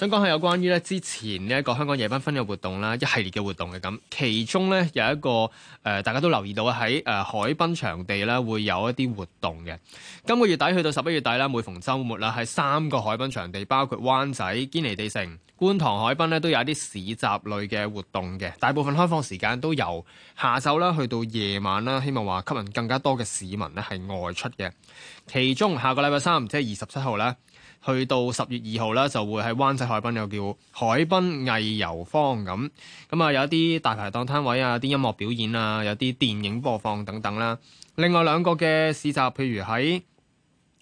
想講下有關於咧之前呢一個香港夜繽紛嘅活動啦，一系列嘅活動嘅咁，其中咧有一個、呃、大家都留意到喺海濱場地咧會有一啲活動嘅。今個月底去到十一月底啦，每逢週末啦，係三個海濱場地，包括灣仔、堅尼地城、觀塘海濱咧，都有一啲市集類嘅活動嘅。大部分開放時間都由下晝啦去到夜晚啦，希望話吸引更加多嘅市民咧係外出嘅。其中下個禮拜三即係二十七號啦。去到十月二號啦，就會喺灣仔海濱有叫海濱藝遊坊咁，咁啊有一啲大排檔攤位啊，有啲音樂表演啊，有啲電影播放等等啦。另外兩個嘅市集，譬如喺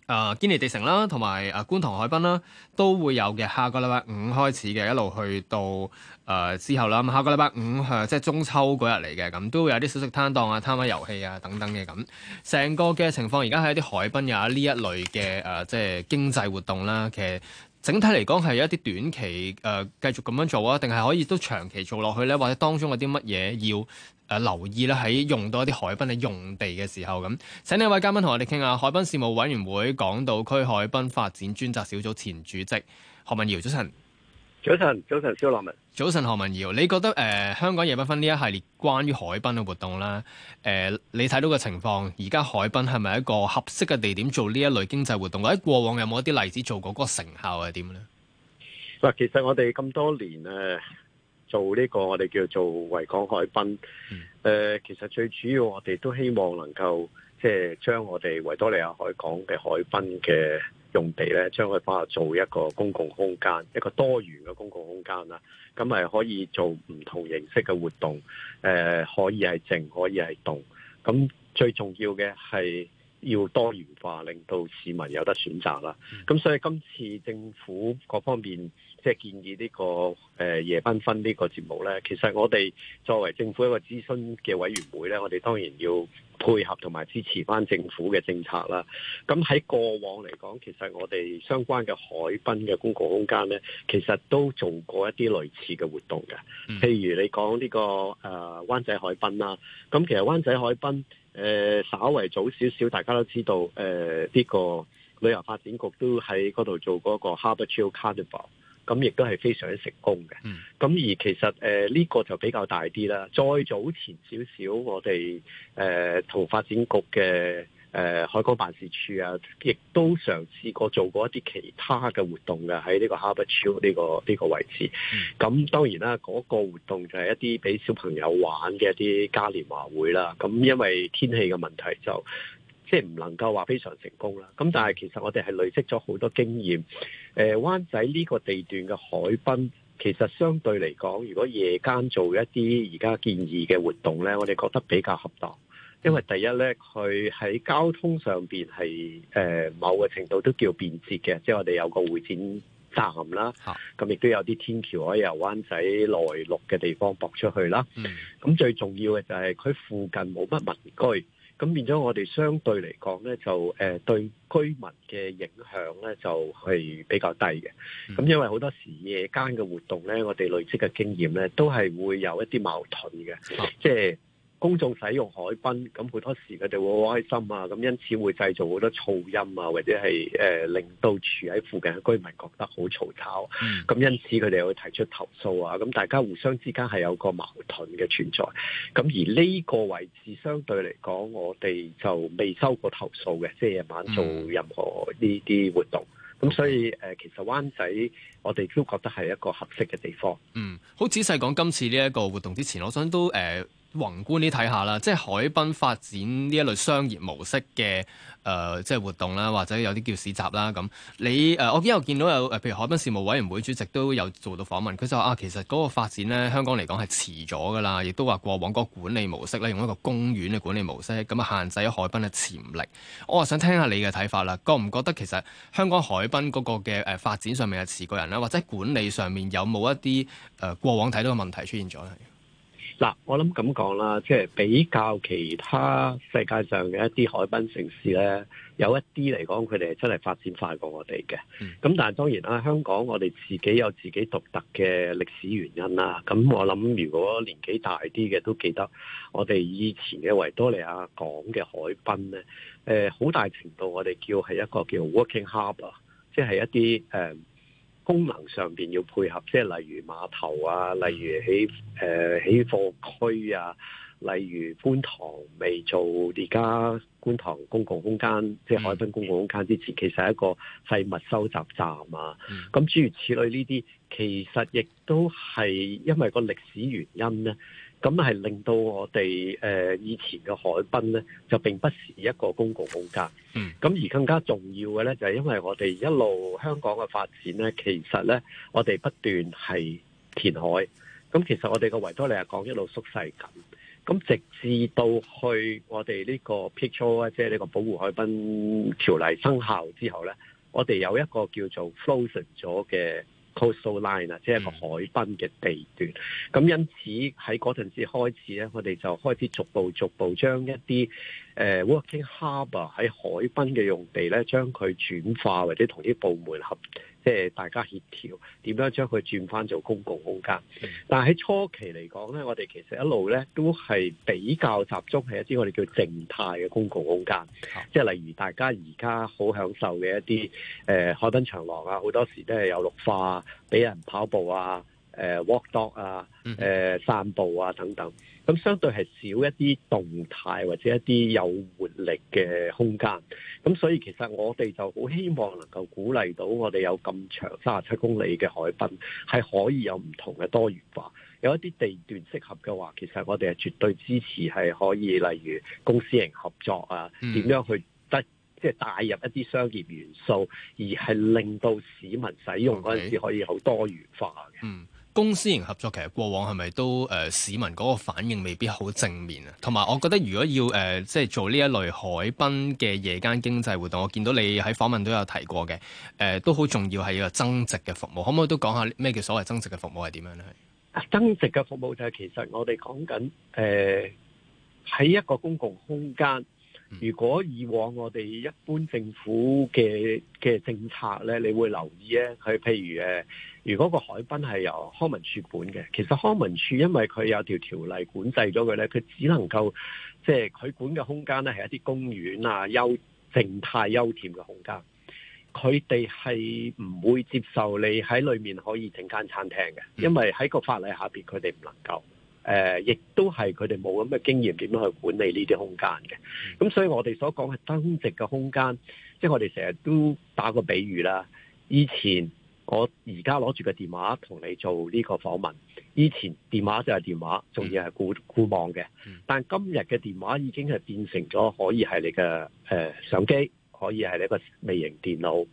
誒、啊、堅尼地城啦，同埋誒觀塘海濱啦，都會有嘅。下個禮拜五開始嘅，一路去到誒、呃、之後啦。咁下個禮拜五、啊、即係中秋嗰日嚟嘅，咁都會有啲小食攤檔啊、攤位遊戲啊等等嘅咁。成個嘅情況，而家係一啲海濱啊呢一類嘅、啊、即係經濟活動啦。其實整體嚟講係有一啲短期誒、呃、繼續咁樣做啊，定係可以都長期做落去呢？或者當中有啲乜嘢要？誒、呃、留意啦，喺用到一啲海濱嘅用地嘅時候咁，請兩位嘉賓同我哋傾下。海濱事務委員會港島區海濱發展專責小組前主席何文堯，早晨。早晨，早晨，肖樂文。早晨，何文堯，你覺得誒、呃、香港夜不分呢一系列關於海濱嘅活動啦，誒、呃、你睇到嘅情況，而家海濱係咪一個合適嘅地點做呢一類經濟活動？或者過往有冇一啲例子做過，嗰、那個成效係點咧？嗱，其實我哋咁多年誒。呃做呢個我哋叫做維港海濱，呃，其實最主要我哋都希望能夠，即係將我哋維多利亞海港嘅海濱嘅用地咧，將佢翻去做一個公共空間，一個多元嘅公共空間啦。咁係可以做唔同形式嘅活動，呃，可以係靜，可以係動。咁最重要嘅係要多元化，令到市民有得選擇啦。咁所以今次政府各方面。即、就、係、是、建議呢、這個、呃、夜繽紛呢個節目呢，其實我哋作為政府一個諮詢嘅委員會呢，我哋當然要配合同埋支持翻政府嘅政策啦。咁喺過往嚟講，其實我哋相關嘅海濱嘅公共空間呢，其實都做過一啲類似嘅活動嘅、嗯，譬如你講呢、這個誒、呃、灣仔海濱啦。咁其實灣仔海濱誒、呃、稍為早少少，大家都知道誒呢、呃這個旅遊發展局都喺嗰度做嗰個 Harbour Chill Carnival。咁亦都係非常之成功嘅。咁、嗯、而其實呢個就比較大啲啦。再早前少少，我哋誒、呃、同發展局嘅、呃、海港辦事處啊，亦都嘗試過做過一啲其他嘅活動嘅喺呢個 HarbourChill 呢個呢、呢個位置。咁、嗯、當然啦，嗰、嗰個活動就係一啲俾小朋友玩嘅一啲嘉年華會啦。咁因為天氣嘅問題就，即係唔能夠話非常成功啦。咁但係其實我哋係累積咗好多經驗。誒、呃，灣仔呢個地段嘅海濱，其實相對嚟講，如果夜間做一啲而家建議嘅活動呢，我哋覺得比較合當。因為第一呢，佢喺交通上面係誒某個程度都叫便捷嘅，即係我哋有個會展站啦，咁亦都有啲天橋可以由灣仔內陸嘅地方駁出去啦。咁最重要嘅就係佢附近冇乜民居。咁變咗，我哋相對嚟講咧，就誒、呃、對居民嘅影響咧，就係、是、比較低嘅。咁因為好多時夜間嘅活動咧，我哋累積嘅經驗咧，都係會有一啲矛盾嘅，即係、啊公眾使用海濱，咁好多時佢哋會好開心啊，咁因此會製造好多噪音啊，或者係誒、呃、令到住喺附近嘅居民覺得好嘈吵，咁、嗯、因此佢哋會提出投訴啊，咁大家互相之間係有一個矛盾嘅存在。咁而呢個位置相對嚟講，我哋就未收過投訴嘅，即係夜晚上做任何呢啲活動。咁、嗯、所以誒、呃，其實灣仔我哋都覺得係一個合適嘅地方。嗯，好仔細講今次呢一個活動之前，我想都誒、呃宏觀啲睇下啦，即係海濱發展呢一類商業模式嘅、呃、即係活動啦，或者有啲叫市集啦咁。你誒，我今日見到有譬如海濱事務委員會主席都有做到訪問，佢就話啊，其實嗰個發展呢，香港嚟講係遲咗噶啦，亦都話過往嗰個管理模式咧，用一個公園嘅管理模式，咁啊限制咗海濱嘅潛力。我啊想聽下你嘅睇法啦，覺唔覺得其實香港海濱嗰個嘅誒發展上面係遲過人啦，或者管理上面有冇一啲誒、呃、過往睇到嘅問題出現咗呢？嗱，我諗咁講啦，即係比較其他世界上嘅一啲海濱城市呢，有一啲嚟講，佢哋係真係發展快過我哋嘅。咁、嗯、但係當然啦，香港我哋自己有自己獨特嘅歷史原因啦。咁我諗如果年紀大啲嘅都記得，我哋以前嘅維多利亞港嘅海濱呢，誒、呃，好大程度我哋叫係一個叫 working h a r b o r 即係一啲誒。呃功能上邊要配合，即係例如碼頭啊，例如起誒、呃、起貨區啊，例如觀塘未做而家觀塘公共空間，嗯、即係海濱公共空間之前，其實係一個廢物收集站啊。咁、嗯、諸如此類呢啲，其實亦都係因為個歷史原因呢。咁係令到我哋、呃、以前嘅海濱咧，就並不是一個公共空間。嗯。咁而更加重要嘅咧，就係、是、因為我哋一路香港嘅發展咧，其實咧，我哋不斷係填海。咁其實我哋個維多利亞港一路縮細緊。咁直至到去我哋呢個 Picto 即係呢個保護海濱條例生效之後咧，我哋有一個叫做 frozen 咗嘅。postal line 即係一個海濱嘅地段。咁因此喺嗰陣時開始咧，我哋就開始逐步逐步將一啲誒 working harbor 喺海濱嘅用地咧，將佢轉化或者同啲部門合。即係大家協調點樣將佢轉翻做公共空間。但係喺初期嚟講呢，我哋其實一路呢都係比較集中係一啲我哋叫靜態嘅公共空間，即係例如大家而家好享受嘅一啲誒、呃、海濱長廊啊，好多時都係有綠化俾、啊、人跑步啊。誒、呃、walk dog 啊，誒、呃、散步啊等等，咁相對係少一啲動態或者一啲有活力嘅空間。咁所以其實我哋就好希望能夠鼓勵到我哋有咁長三十七公里嘅海濱，係可以有唔同嘅多元化，有一啲地段適合嘅話，其實我哋係絕對支持係可以，例如公私營合作啊，點、mm. 樣去得即係帶入一啲商業元素，而係令到市民使用嗰陣時可以好多元化嘅。Okay. Mm. 公私營合作其實過往係咪都誒、呃、市民嗰個反應未必好正面啊？同埋我覺得如果要誒即係做呢一類海濱嘅夜間經濟活動，我見到你喺訪問都有提過嘅誒、呃，都好重要係一個增值嘅服務。可唔可以都講下咩叫所謂增值嘅服務係點樣咧？增值嘅服務就係其實我哋講緊誒，喺一個公共空間，如果以往我哋一般政府嘅嘅政策咧，你會留意咧係譬如誒。呃如果個海濱係由康文署管嘅，其實康文署因為佢有條條例管制咗佢呢，佢只能夠，即係佢管嘅空間呢係一啲公園啊、休靜態休憩嘅空間。佢哋係唔會接受你喺裏面可以整間餐廳嘅、嗯，因為喺個法例下邊佢哋唔能夠。誒、呃，亦都係佢哋冇咁嘅經驗點樣去管理呢啲空間嘅。咁、嗯、所以我哋所講嘅增值嘅空間，即係我哋成日都打個比喻啦，以前。我而家攞住嘅電話同你做呢個訪問，以前電話就係電話，仲要係固固網嘅。但今日嘅電話已經係變成咗可以係你嘅、呃、相機，可以係你一個微型電腦，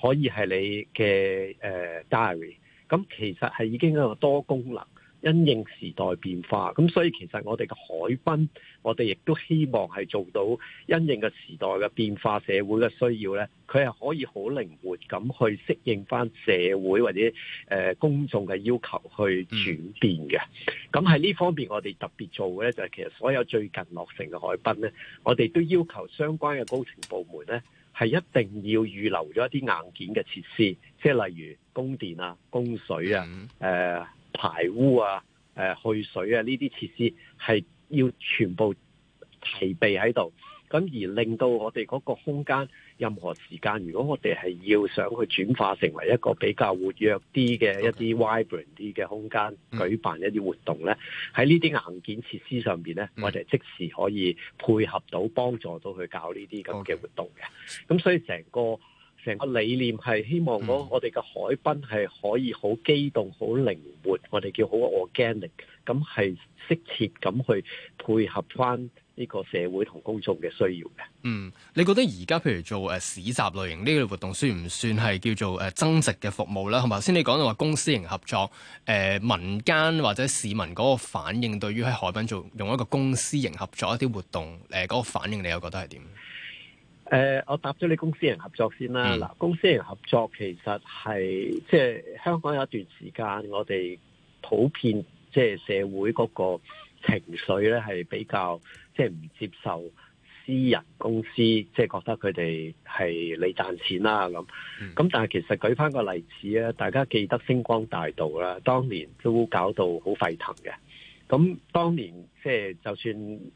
可以係你嘅、呃、diary。咁其實係已經有一個多功能，因應時代變化。咁所以其實我哋嘅海濱，我哋亦都希望係做到因應嘅時代嘅變化，社會嘅需要咧。佢係可以好靈活咁去適應翻社會或者、呃、公眾嘅要求去轉變嘅。咁喺呢方面，我哋特別做嘅咧，就係、是、其實所有最近落成嘅海濱咧，我哋都要求相關嘅工程部門咧，係一定要預留咗一啲硬件嘅設施，即係例如供電啊、供水啊、嗯呃、排污啊、呃、去水啊呢啲設施係要全部提備喺度。咁而令到我哋嗰個空間，任何時間，如果我哋係要想去轉化成為一個比較活躍啲嘅一啲、okay. vibrant 啲嘅空間，mm. 舉辦一啲活動咧，喺呢啲硬件設施上面咧，mm. 我哋即時可以配合到，幫助到去搞呢啲咁嘅活動嘅。咁、okay. 所以成個成個理念係希望、嗰 mm. 我哋嘅海濱係可以好機動、好靈活，我哋叫好 organic，咁係適切咁去配合翻。呢、這個社會同公眾嘅需要嘅。嗯，你覺得而家譬如做誒、呃、市集類型呢類活動，算唔算係叫做誒、呃、增值嘅服務咧？同埋先，你講到話公私營合作，誒、呃、民間或者市民嗰個反應對於在，對於喺海濱做用一個公私營合作的一啲活動，誒、呃、嗰、那個反應，你又覺得係點？誒、呃，我答咗你公私營合作先啦。嗱、嗯，公私營合作其實係即係香港有一段時間，我哋普遍即係、就是、社會嗰個情緒咧係比較。即係唔接受私人公司，即係覺得佢哋係你賺錢啦咁。咁，嗯，但係其實舉翻個例子啊，大家記得星光大道啦，當年都搞到好沸騰嘅。咁當年即係就算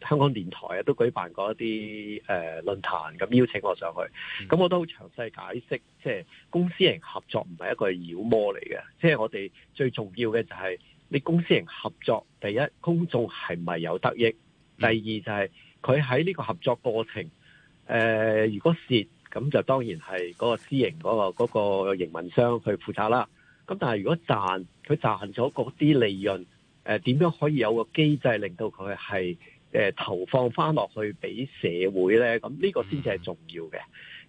香港電台啊，都舉辦過一啲誒論壇，咁，呃，邀請我上去。咁，嗯，我都好詳細解釋，即係公私營合作唔係一個妖魔嚟嘅。即係我哋最重要嘅就係你公私營合作，第一公眾係咪有得益？第二就係佢喺呢個合作過程，誒、呃，如果蝕咁就當然係嗰個私營嗰、嗰個嗰、嗰個營運商去負責啦。咁但係如果賺佢賺咗嗰啲利潤，誒、呃、點樣可以有個機制令到佢係誒投放翻落去俾社會咧？咁呢個先至係重要嘅。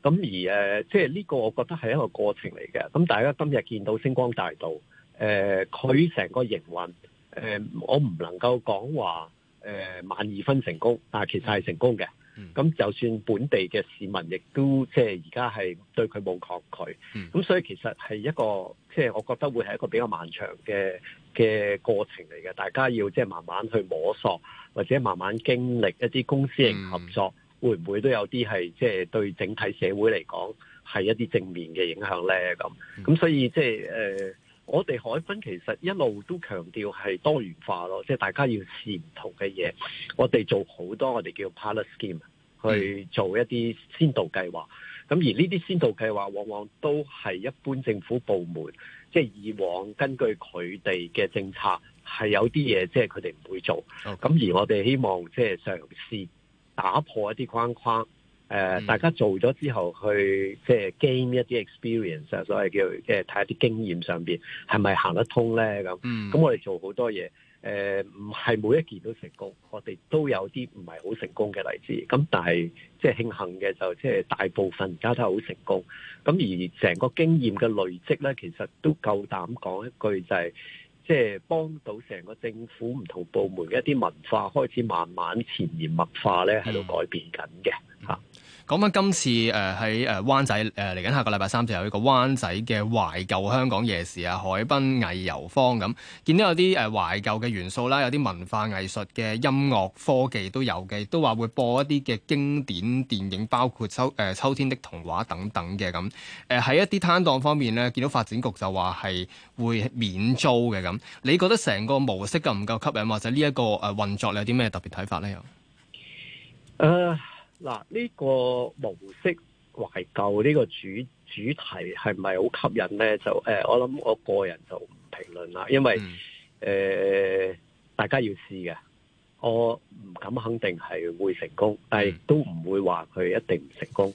咁而誒、呃，即係呢個我覺得係一個過程嚟嘅。咁大家今日見到星光大道，誒、呃，佢成個營運，誒、呃，我唔能夠講話。誒、呃、萬二分成功，但係其實係成功嘅。咁、嗯、就算本地嘅市民，亦都即係而家係對佢冇抗拒。咁、嗯、所以其實係一個即係、就是、我覺得會係一個比較漫長嘅嘅過程嚟嘅。大家要即係慢慢去摸索，或者慢慢經歷一啲公私營合作，嗯、會唔會都有啲係即係對整體社會嚟講係一啲正面嘅影響呢？咁咁、嗯、所以即係誒。呃我哋海濱其實一路都強調係多元化咯，即大家要試唔同嘅嘢。我哋做好多我哋叫 pilot scheme，去做一啲先導計劃。咁而呢啲先導計劃往往都係一般政府部門，即係以往根據佢哋嘅政策係有啲嘢即係佢哋唔會做。咁而我哋希望即係嘗試打破一啲框框。誒、呃，大家做咗之後去即係 gain 一啲 experience，啊，所謂叫即係睇一啲經驗上邊係咪行得通咧？咁，咁、嗯、我哋做好多嘢，誒唔係每一件都成功，我哋都有啲唔係好成功嘅例子。咁但係即係慶幸嘅就即係大部分而家都係好成功。咁而成個經驗嘅累積咧，其實都夠膽講一句就係、是，即係幫到成個政府唔同部門嘅一啲文化開始慢慢潛移默化咧，喺度改變緊嘅嚇。嗯嗯。講返今次誒喺誒灣仔誒嚟緊下個禮拜三就有一個灣仔嘅懷舊香港夜市啊，海濱藝遊坊咁，見到有啲誒懷舊嘅元素啦，有啲文化藝術嘅音樂科技都有嘅，都話會播一啲嘅經典電影，包括秋誒秋天的童話等等嘅咁。誒喺一啲攤檔方面呢，見到發展局就話係會免租嘅咁。你覺得成個模式夠唔夠吸引，或者呢一個誒運作你有啲咩特別睇法呢？又誒。嗱，呢個模式懷舊呢個主主題係咪好吸引呢？就誒、呃，我諗我個人就唔評論啦，因為誒、嗯呃、大家要試嘅，我唔敢肯定係會成功，但係都唔會話佢一定唔成功。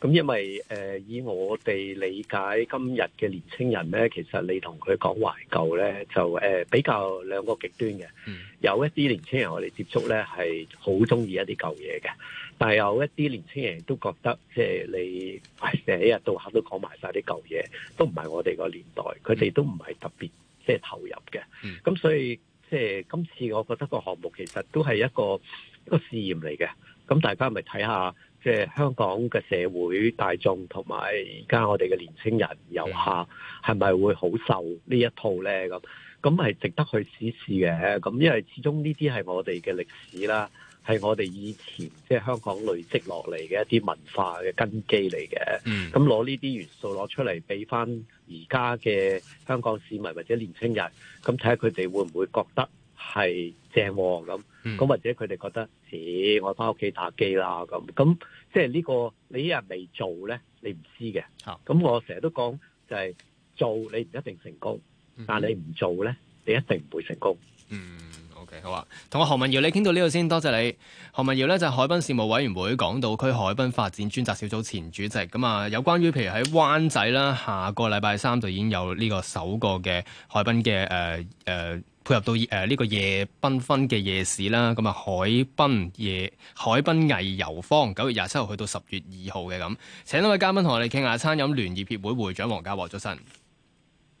咁因為誒、呃、以我哋理解今日嘅年青人咧，其實你同佢講懷舊咧，就誒、呃、比較兩個極端嘅，嗯。有一啲年青人我哋接觸咧，係好中意一啲舊嘢嘅，但係有一啲年青人都覺得，即係你成日、哎、到黑都講埋晒啲舊嘢，都唔係我哋個年代，佢、嗯、哋都唔係特別即係投入嘅。咁、嗯、所以即係今次，我覺得個項目其實都係一個一個試驗嚟嘅。咁大家咪睇下。即係香港嘅社會大眾同埋而家我哋嘅年青人遊客，係咪會好受呢一套呢？咁咁係值得去試試嘅。咁因為始終呢啲係我哋嘅歷史啦，係我哋以前即係香港累積落嚟嘅一啲文化嘅根基嚟嘅。咁攞呢啲元素攞出嚟俾翻而家嘅香港市民或者年青人，咁睇下佢哋會唔會覺得？係正咁，咁或者佢哋覺得、嗯，咦，我翻屋企打機啦咁，咁即係呢、呢個你一人未做咧，你唔知嘅。咁我成日都講就係做，你唔、啊就是、一定成功，嗯、但你唔做咧，你一定唔會成功。嗯，OK，好啊。同阿何文堯你傾到呢度先，多謝你。何文堯咧就係、海濱事務委員會港島區海濱發展專責小組前主席。咁啊，有關於譬如喺灣仔啦，下個禮拜三就已經有呢個首個嘅海濱嘅誒誒。呃呃配合到誒呢個夜繽紛嘅夜市啦，咁啊海濱夜海濱藝遊坊九月廿七號去到十月二號嘅咁，請兩位嘉賓同我哋傾下餐飲聯業協會會長黃家和，早晨，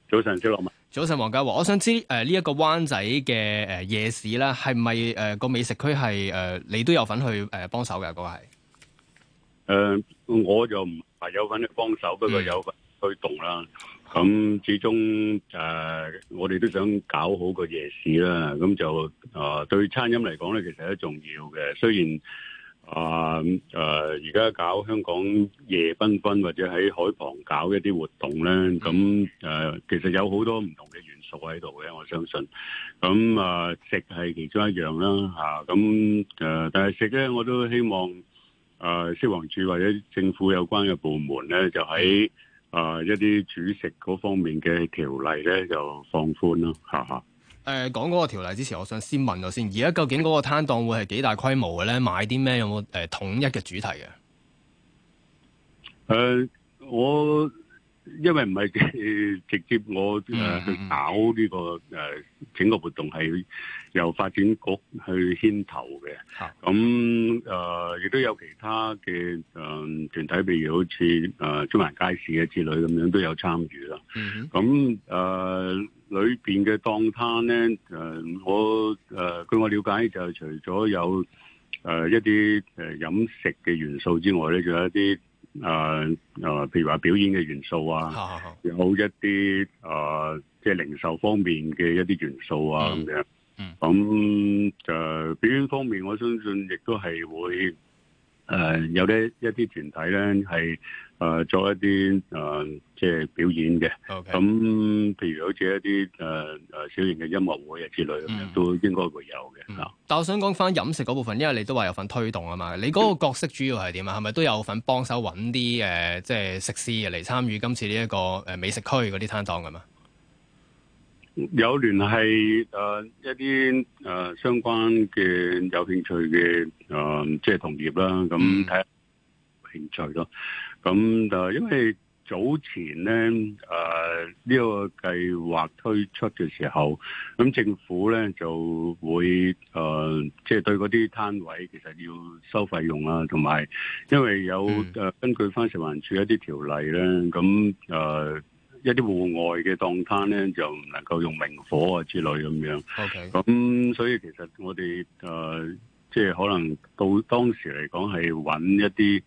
早晨，朱樂早晨，黃家和。我想知誒呢一個灣仔嘅誒夜市啦，係咪誒個美食區係誒你都有份去誒幫手嘅，嗰、呃那個係誒、呃，我就唔係有份去幫手，不過有份推動啦。嗯咁始終誒、呃，我哋都想搞好個夜市啦。咁就誒、呃，對餐飲嚟講咧，其實都重要嘅。雖然啊誒，而、呃、家、呃、搞香港夜繽紛或者喺海旁搞一啲活動咧，咁誒、呃，其實有好多唔同嘅元素喺度嘅。我相信，咁啊、呃、食係其中一樣啦。吓咁誒，但係食咧，我都希望誒，消、呃、防署或者政府有關嘅部門咧，就喺。嗯誒、啊，一啲煮食嗰方面嘅條例咧，就放寬咯，吓吓。誒、呃，講嗰個條例之前，我想先問咗先。而家究竟嗰個攤檔會係幾大規模嘅咧？賣啲咩？有冇誒、呃、統一嘅主題嘅？誒、呃，我。因為唔係直接我誒去搞呢個誒整個活動係由發展局去牽頭嘅，咁誒亦都有其他嘅誒團體，譬如好似誒、呃、中環街市嘅之類咁樣都有參與啦。咁、mm-hmm. 誒、呃、裏邊嘅檔攤咧誒我誒、呃、據我了解就係除咗有誒一啲誒飲食嘅元素之外咧，仲有一啲。誒、呃、誒、呃，譬如話表演嘅元素啊，好好好有一啲誒，即、呃、係、就是、零售方面嘅一啲元素啊咁、嗯、樣，咁、嗯、就、嗯呃、表演方面，我相信亦都係會誒、呃，有啲一啲團體咧係。誒做一啲誒、呃、即係表演嘅，咁、okay. 譬如好似一啲誒誒小型嘅音樂會啊之類、嗯，都應該會有嘅、嗯。但我想講翻飲食嗰部分，因為你都話有份推動啊嘛，你嗰個角色主要係點啊？係咪都有份幫手揾啲誒即係食肆嚟參與今次呢一個誒美食區嗰啲攤檔㗎嘛？有聯繫誒一啲誒、呃、相關嘅有興趣嘅誒、呃、即係同業啦，咁、嗯、睇。嗯程序咯，咁就因為早前咧，誒、呃、呢、這個計劃推出嘅時候，咁政府咧就會誒，即、呃、係、就是、對嗰啲攤位其實要收費用啦，同埋因為有誒根據翻食環署一啲條例咧，咁、嗯、誒、嗯嗯、一啲戶外嘅檔攤咧就唔能夠用明火啊之類咁樣。OK，咁、嗯、所以其實我哋誒即係可能到當時嚟講係揾一啲。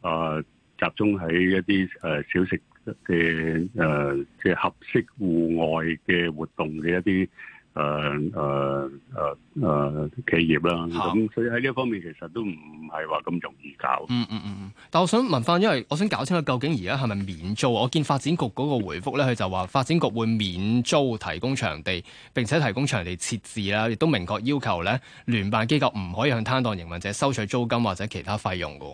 集中喺一啲誒小食嘅誒，即係合適戶外嘅活動嘅一啲誒誒誒誒企業啦。咁所以喺呢一方面，其實都唔係話咁容易搞。嗯嗯嗯。但我想問翻，因為我想搞清楚究竟而家係咪免租？我見發展局嗰個回覆咧，佢就話發展局會免租提供場地，並且提供場地設置啦，亦都明確要求咧聯辦機構唔可以向攤檔營運者收取租金或者其他費用噶。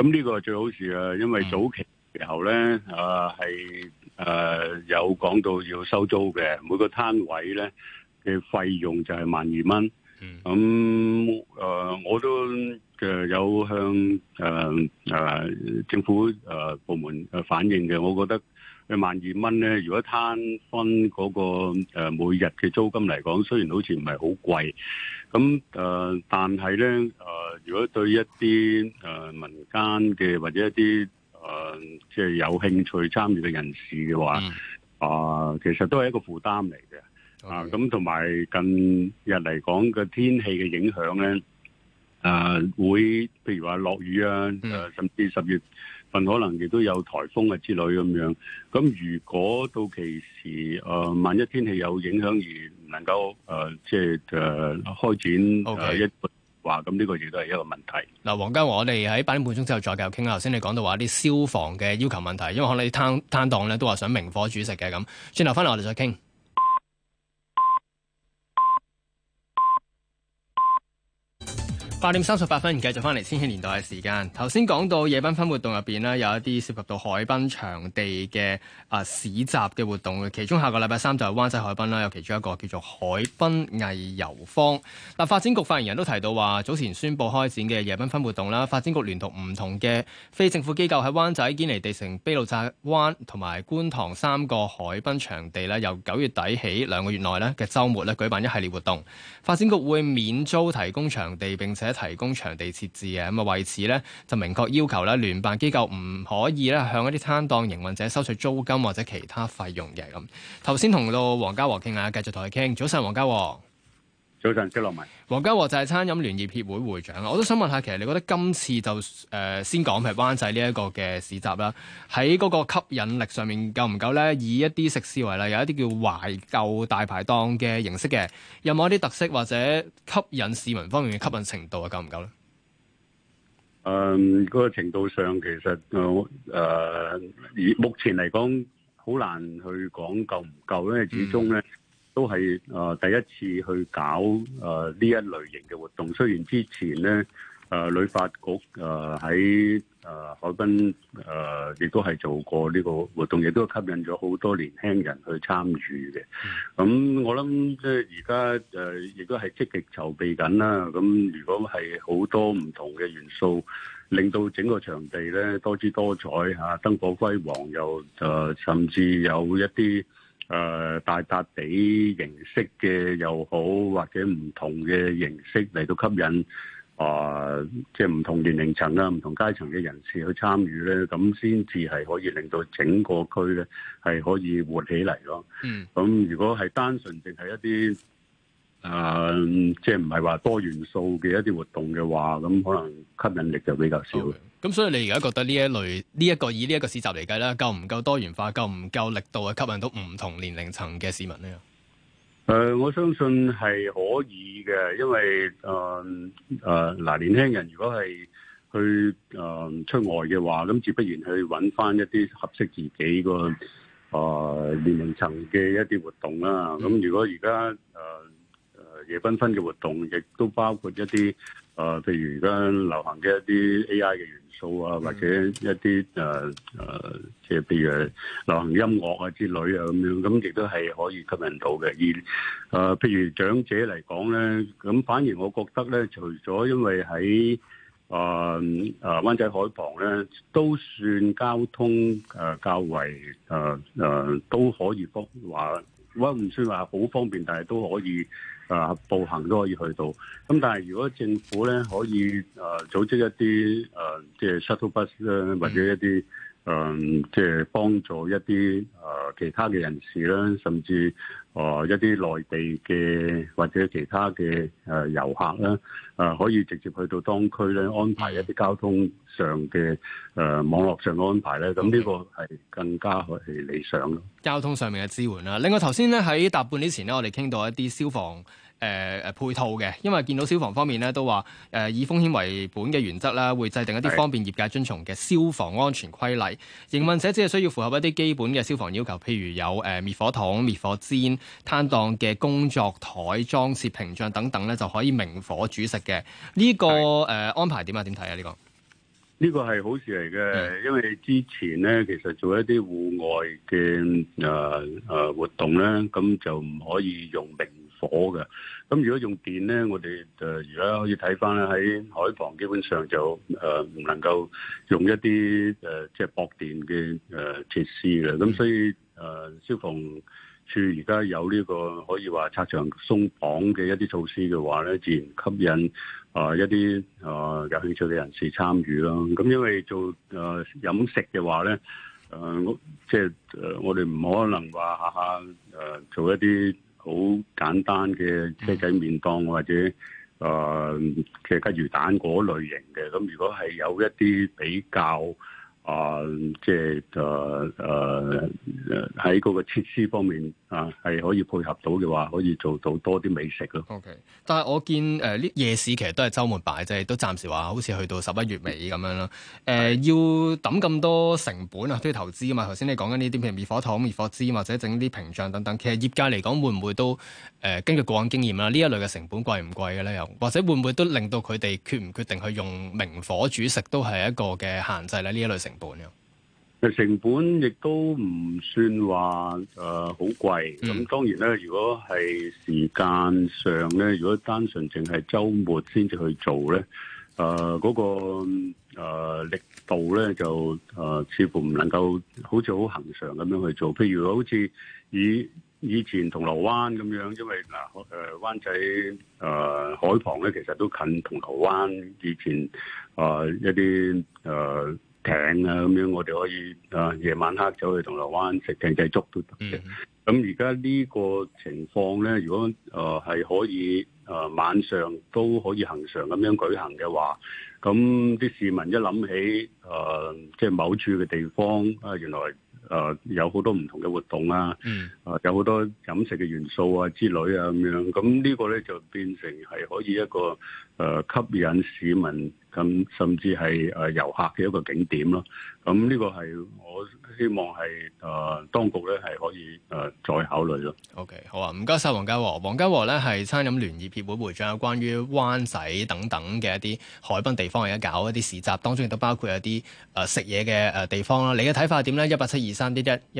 咁、這、呢個最好事啊，因為早期時候咧，係、啊啊、有講到要收租嘅，每個攤位咧嘅費用就係萬二蚊。咁、嗯啊、我都誒有向、啊啊、政府、啊、部門反映嘅，我覺得。佢萬二蚊咧，如果攤分嗰、那個、呃、每日嘅租金嚟講，雖然好似唔係好貴，咁誒、呃，但係咧誒，如果對一啲誒、呃、民間嘅或者一啲誒即係有興趣參與嘅人士嘅話，啊、mm. 呃，其實都係一個負擔嚟嘅。Okay. 啊，咁同埋近日嚟講嘅天氣嘅影響咧，誒、呃、會譬如話落雨啊，誒甚至十月份可能亦都有颱風啊之類咁樣，咁如果到期時誒、呃，萬一天氣有影響而唔能夠誒、呃，即係誒、呃、開展一、okay. 呃、個咁呢個亦都係一個問題。嗱，黃家和我哋喺八點半鐘之後再繼續傾啦。頭先你講到話啲消防嘅要求問題，因為我哋攤攤檔咧都話想明火煮食嘅，咁轉頭翻嚟我哋再傾。八點三十八分，繼續翻嚟千禧年代嘅時間。頭先講到夜繽紛活動入邊咧，有一啲涉及到海濱場地嘅啊市集嘅活動。其中下個禮拜三就係灣仔海濱啦，有其中一個叫做海濱藝遊坊。嗱、啊，發展局發言人都提到話，早前宣布開展嘅夜繽紛活動啦，發展局聯同唔同嘅非政府機構喺灣仔堅尼地城、卑路乍灣同埋觀塘三個海濱場地咧，由九月底起兩個月內咧嘅周末咧舉辦一系列活動。發展局會免租提供場地，並且提供場地設置嘅。咁啊為此咧就明確要求咧，聯辦機構唔可以咧向一啲攤檔營運者收取租金或者其他費用嘅咁。頭先同到黃家和傾下，繼續同佢傾。早晨，黃家和。早晨，激浪迷，黃家和就係餐飲聯業協會會長，我都想問一下，其實你覺得今次就誒、呃、先講譬如灣仔呢一個嘅市集啦，喺嗰個吸引力上面夠唔夠咧？以一啲食肆為例，有一啲叫懷舊大排檔嘅形式嘅，有冇一啲特色或者吸引市民方面嘅吸引程度啊？夠唔夠咧？嗯、呃，嗰、那個程度上，其實誒，而、呃呃、目前嚟講，好難去講夠唔夠咧。因為始終咧。嗯都係誒第一次去搞誒呢、呃、一類型嘅活動，雖然之前呢，誒旅發局誒喺誒海濱誒亦都係做過呢個活動，亦都吸引咗好多年輕人去參與嘅。咁我諗即係而家誒亦都係積極籌備緊啦。咁如果係好多唔同嘅元素，令到整個場地呢多姿多彩嚇、啊，燈火輝煌又誒、呃，甚至有一啲。誒、呃、大笪地形式嘅又好，或者唔同嘅形式嚟到吸引，啊、呃，即係唔同年齡層啊、唔同階層嘅人士去參與咧，咁先至係可以令到整個區咧係可以活起嚟咯。嗯，咁如果係單純淨係一啲。誒、嗯，即係唔係話多元素嘅一啲活動嘅話，咁可能吸引力就比較少嘅。咁、okay. 所以你而家覺得呢一類呢一個以呢一個市集嚟計啦，夠唔夠多元化，夠唔夠力度去吸引到唔同年齡層嘅市民咧？誒、呃，我相信係可以嘅，因為誒誒，嗱、呃呃，年輕人如果係去誒、呃、出外嘅話，咁只不如去揾翻一啲合適自己個誒、呃、年齡層嘅一啲活動啦。咁、嗯、如果而家誒，呃夜繽紛嘅活動，亦都包括一啲啊，譬如而家流行嘅一啲 AI 嘅元素啊，或者一啲誒誒，即係譬如流行音樂啊之類啊咁樣，咁亦都係可以吸引到嘅。而啊，譬如長者嚟講咧，咁反而我覺得咧，除咗因為喺啊啊灣仔海旁咧，都算交通誒較為誒誒都可以方話，唔算話好方便，但係都可以。啊、呃，步行都可以去到，咁但係如果政府咧可以誒、呃、組織一啲誒、呃，即係 shuttle bus 咧，或者一啲。嗯，即係幫助一啲誒、呃、其他嘅人士啦，甚至誒、呃、一啲內地嘅或者其他嘅誒遊客啦，誒、呃、可以直接去到當區咧，安排一啲交通上嘅誒、呃、網絡上嘅安排咧，咁呢個係更加係理想咯。交通上面嘅支援啦，另外頭先咧，喺搭半年前咧，我哋傾到一啲消防。誒、呃、誒配套嘅，因為見到消防方面咧都話誒、呃、以風險為本嘅原則啦，會制定一啲方便業界遵從嘅消防安全規例。營運者只係需要符合一啲基本嘅消防要求，譬如有誒滅火筒、滅火氈、攤檔嘅工作台裝設屏障等等咧，就可以明火煮食嘅。呢、這個誒、呃、安排點啊？點睇啊？呢、這個呢個係好事嚟嘅，因為之前呢，其實做一啲戶外嘅誒誒活動咧，咁就唔可以用明。火嘅，咁如果用電咧，我哋誒而家可以睇翻咧喺海旁，基本上就誒唔、呃、能夠用一啲誒、呃、即係駁電嘅誒設施嘅，咁所以誒、呃、消防處而家有呢、這個可以話拆牆鬆綁嘅一啲措施嘅話咧，自然吸引啊、呃、一啲啊、呃、有興趣嘅人士參與咯。咁因為做誒飲、呃、食嘅話咧，誒、呃、即係誒、呃、我哋唔可能話下下誒、呃、做一啲。好簡單嘅車仔麵檔或者誒嘅雞魚蛋嗰類型嘅，咁如果係有一啲比較誒、呃，即係誒誒喺嗰個設施方面。啊，係可以配合到嘅話，可以做到多啲美食咯。O、okay, K，但係我見誒，呢、呃、夜市其實都係周末擺，即係都暫時話好似去到十一月尾咁樣啦。誒、呃，要抌咁多成本啊，都要投資嘛。頭先你講緊呢啲，譬如滅火筒、滅火氈或者整啲屏障等等，其實業界嚟講會唔會都誒、呃，根據過往經驗啦，呢一類嘅成本貴唔貴嘅咧？又或者會唔會都令到佢哋決唔決定去用明火煮食都係一個嘅限制咧？呢一類成本嘅？成本亦都唔算話誒好貴，咁當然咧，如果係時間上咧，如果單純淨係週末先至去做咧，誒嗰個誒力度咧就誒似乎唔能夠好似好恒常咁樣去做。譬如好似以以前銅鑼灣咁樣，因為嗱誒灣仔誒海旁咧，其實都近銅鑼灣，以前誒一啲誒。艇啊咁樣，我哋可以呃、夜晚黑走去銅鑼灣食艇仔粥都得嘅。咁而家呢個情況咧，如果誒係、呃、可以誒、呃、晚上都可以恒常咁樣舉行嘅話，咁啲市民一諗起誒即係某處嘅地方啊、呃，原來誒、呃、有好多唔同嘅活動啊，嗯呃、有好多飲食嘅元素啊之類啊咁樣，咁呢個咧就變成係可以一個誒、呃、吸引市民。咁甚至係誒遊客嘅一個景點咯。咁呢個係我希望係誒、呃、當局咧係可以誒、呃、再考慮咯。OK，好啊，唔該晒黃家和。黃家和咧係餐飲聯業協會會長，有關於灣仔等等嘅一啲海濱地方而家搞一啲市集，當中亦都包括一啲誒、呃、食嘢嘅誒地方啦。你嘅睇法係點咧？一八七二三一一